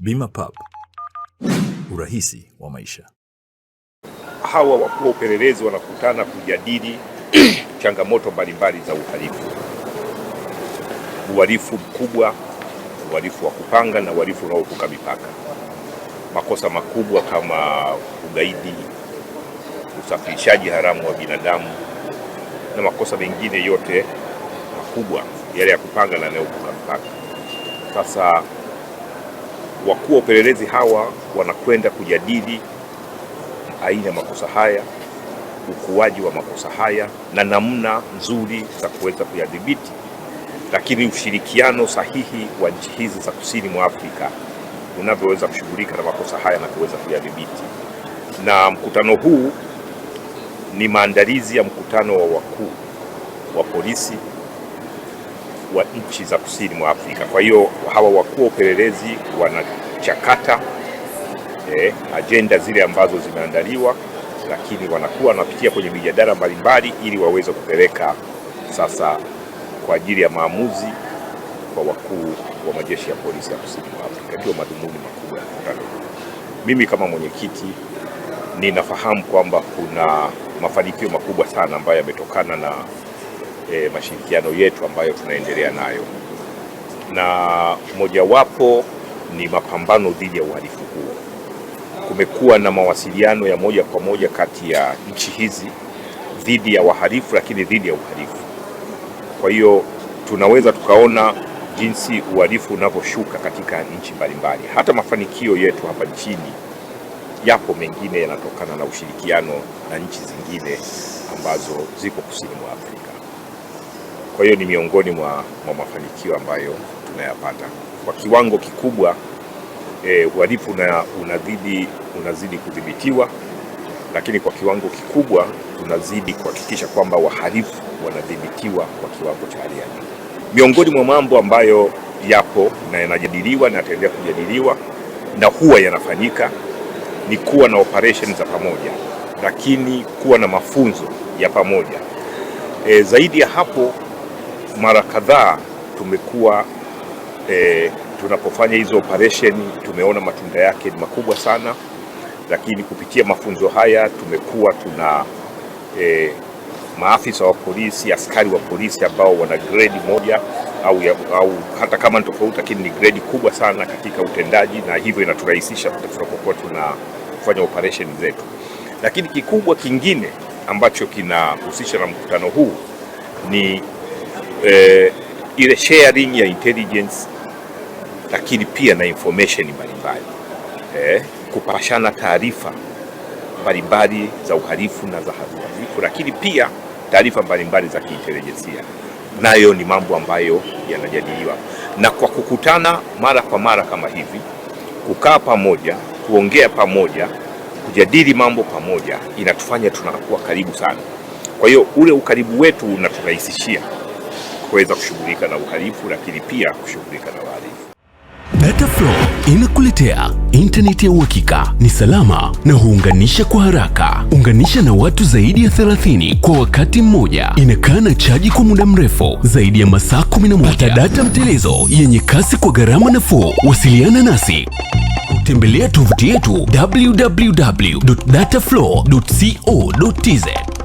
Bima Pub, urahisi wa maisha. Hawa wakuu wa upelelezi wanakutana kujadili changamoto mbalimbali za uhalifu, uhalifu mkubwa, uhalifu wa kupanga na uhalifu unaovuka mipaka, makosa makubwa kama ugaidi, usafirishaji haramu wa binadamu na makosa mengine yote makubwa yale ya kupanga na yanayovuka mipaka. Sasa Wakuu wa upelelezi hawa wanakwenda kujadili aina ya makosa haya, ukuaji wa makosa haya na namna nzuri za kuweza kuyadhibiti, lakini ushirikiano sahihi wa nchi hizi za kusini mwa Afrika unavyoweza kushughulika na makosa haya na kuweza kuyadhibiti. Na mkutano huu ni maandalizi ya mkutano wa wakuu wa polisi wa nchi za kusini mwa Afrika. Kwa hiyo hawa wakuu wa upelelezi wanachakata eh, ajenda zile ambazo zimeandaliwa, lakini wanakuwa wanapitia kwenye mijadala mbalimbali ili waweze kupeleka sasa kwa ajili ya maamuzi kwa wakuu wa majeshi ya polisi ya kusini mwa Afrika. Ndio madhumuni makubwa ya mkutano Mimi kama mwenyekiti ninafahamu kwamba kuna mafanikio makubwa sana ambayo yametokana na e, mashirikiano yetu ambayo tunaendelea nayo, na mojawapo ni mapambano dhidi ya uhalifu huo. Kumekuwa na mawasiliano ya moja kwa moja kati ya nchi hizi dhidi ya wahalifu, lakini dhidi ya uhalifu. Kwa hiyo tunaweza tukaona jinsi uhalifu unavyoshuka katika nchi mbalimbali. Hata mafanikio yetu hapa nchini yapo mengine yanatokana na ushirikiano na nchi zingine ambazo ziko kusini mwa Afrika. Kwa hiyo ni miongoni mwa, mwa mafanikio ambayo tunayapata kwa kiwango kikubwa. E, uhalifu unazidi unazidi kudhibitiwa, lakini kwa kiwango kikubwa tunazidi kuhakikisha kwamba wahalifu wanadhibitiwa kwa kiwango cha hali ya juu. Miongoni mwa mambo ambayo yapo na yanajadiliwa na yataendelea kujadiliwa na huwa yanafanyika ni kuwa na operation za pamoja, lakini kuwa na mafunzo ya pamoja. E, zaidi ya hapo mara kadhaa tumekuwa e, tunapofanya hizo operesheni tumeona matunda yake ni makubwa sana, lakini kupitia mafunzo haya tumekuwa tuna e, maafisa wa polisi, askari wa polisi ambao wana grade moja au, au hata kama ni tofauti, lakini ni grade kubwa sana katika utendaji, na hivyo inaturahisisha tunapokuwa tunafanya operesheni zetu. Lakini kikubwa kingine ambacho kinahusisha na mkutano huu ni eh, ile sharing ya intelligence lakini pia na information mbalimbali eh, kupashana taarifa mbalimbali za uhalifu na za uhalifu, lakini pia taarifa mbalimbali za kiintelijensia, nayo ni mambo ambayo yanajadiliwa, na kwa kukutana mara kwa mara kama hivi, kukaa pamoja, kuongea pamoja, kujadili mambo pamoja, inatufanya tunakuwa karibu sana. Kwa hiyo ule ukaribu wetu unaturahisishia kuweza kushughulika na uhalifu, lakini pia kushughulika na wahalifu. Dataflow inakuletea intaneti ya uhakika, ni salama na huunganisha kwa haraka. Unganisha na watu zaidi ya 30 kwa wakati mmoja. Inakaa na chaji kwa muda mrefu zaidi ya masaa 11. Pata data mtelezo yenye kasi kwa gharama nafuu. Wasiliana nasi tembelea tovuti yetu www.dataflow.co.tz.